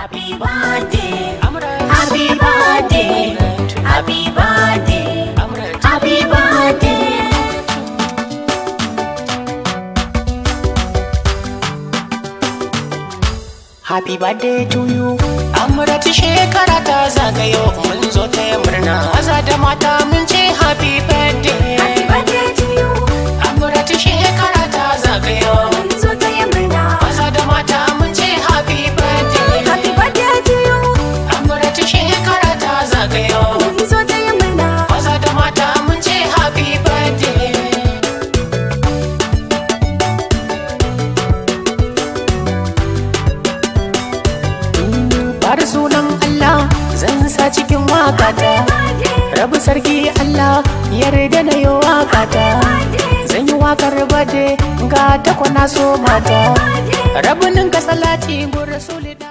Happy birthday. Happy birthday. Happy birthday. Happy birthday. Happy birthday to you. Amra shekara karata zagayo mun zo murna. mata munche happy birthday. bar sunan Allah zan sa cikin wakata rabu sarki Allah yarda na yi wakata zan yi wakar bade ga takwana so mata rabunin ka salati gun rasuli